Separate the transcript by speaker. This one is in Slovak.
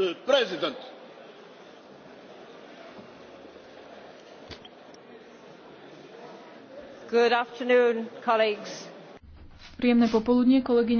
Speaker 1: the president.
Speaker 2: Good afternoon, colleagues.
Speaker 3: Príjemné popoludnie, kolegyne.